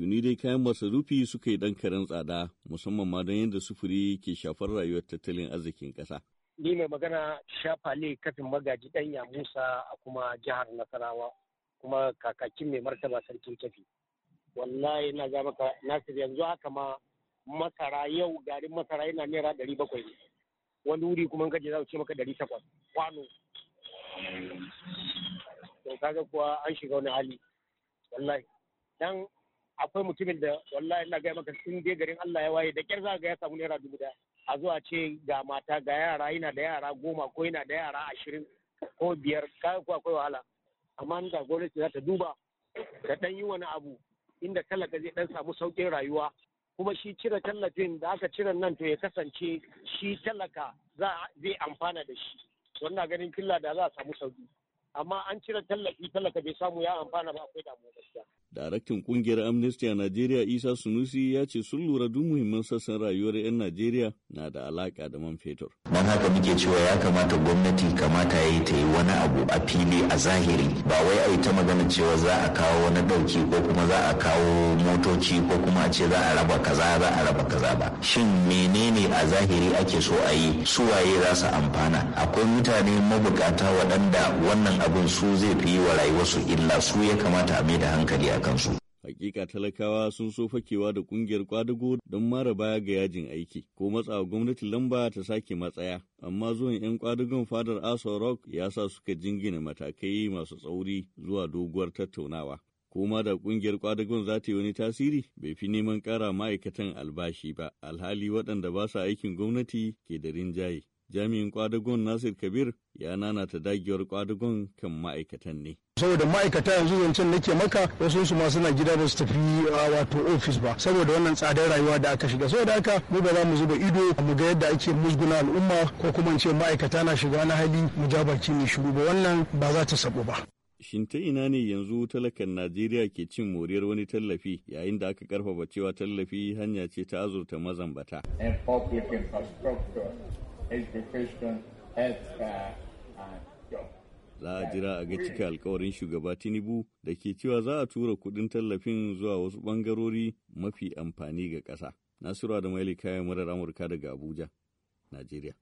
tuni dai kayan masarufi suka yi ɗan karen tsada musamman ma don yadda sufuri ke shafar rayuwar tattalin arzikin ƙasa. Ni mai magana shafa ne kafin magaji ɗanya Musa a kuma jihar Nasarawa kuma kakakin mai martaba sarkin kafi. Wallahi na ga maka Nasir yanzu haka ma masara yau garin masara yana naira ɗari bakwai ne. Wani wuri kuma kaje za ce maka ɗari takwas kwano. To kaga kuwa an shiga wani hali. Wallahi. Dan akwai mutumin da wallahi ina gaya maka sun je garin Allah ya waye da kyar za ga ya samu naira dubu daya a zuwa ce ga mata ga yara yana da yara goma ko yana da yara ashirin ko biyar ka ko akwai wahala amma ga gwamnati za ta duba ta dan yi wani abu inda talaka zai dan samu saukin rayuwa kuma shi cire tallafin da aka cire nan to ya kasance shi talaka zai amfana da shi wannan ganin killa da za a samu sauki amma an cire tallafi talaka bai samu ya amfana ba akwai damuwa gaskiya Daraktan kungiyar Amnesty a Najeriya Isa Sunusi ya ce sun lura duk muhimman sassan rayuwar 'yan Najeriya na da alaƙa da man fetur. Don haka muke cewa ya kamata gwamnati kamata yi ta yi wani abu a fili a zahiri ba wai a yi ta magana cewa za a kawo wani ɗauki ko kuma za a kawo motoci ko kuma a ce za a raba kaza za a raba kaza ba shin menene a zahiri ake so a yi su waye za su amfana akwai mutane mabukata waɗanda wannan abun su zai fi yi wa rayuwarsu illa su ya kamata a mai da hankali a kansu Hakika talakawa sun so fakewa da kungiyar kwadago don mara baya ga yajin aiki ko matsawa gwamnati lamba ta sake matsaya. Amma zuwan 'yan kwadugon fadar Aso Rock ya sa suka jingina matakai masu tsauri zuwa doguwar tattaunawa. Koma da kungiyar kwadagon za ta yi wani tasiri bai fi neman kara ma'aikatan albashi ba, alhali waɗanda ba sa aikin gwamnati ke da rinjaye. Jami'in kwadagon Nasir Kabir ya nanata dagewar kwadagon kan ma'aikatan ne. saboda ma'aikata yanzu zancen ke maka wasu su ma na gida da su tafi a wato ofis ba saboda wannan tsadar rayuwa da aka shiga saboda haka mu ba za mu zuba ido mu ga yadda ake musguna al'umma ko kuma ce ma'aikata na shiga na hali mu ja baki ne shiru ba wannan ba za ta sabo ba Shin ta ina ne yanzu talakan Najeriya ke cin moriyar wani tallafi yayin da aka karfafa cewa tallafi hanya ce ta azurta mazambata. Uh, uh, za a jira a ga cika alkawarin shugaba Tinubu da ke cewa za a tura kuɗin tallafin zuwa wasu ɓangarori mafi amfani ga ƙasa. Nasura da Maili kayan murar Amurka daga Abuja, Najeriya.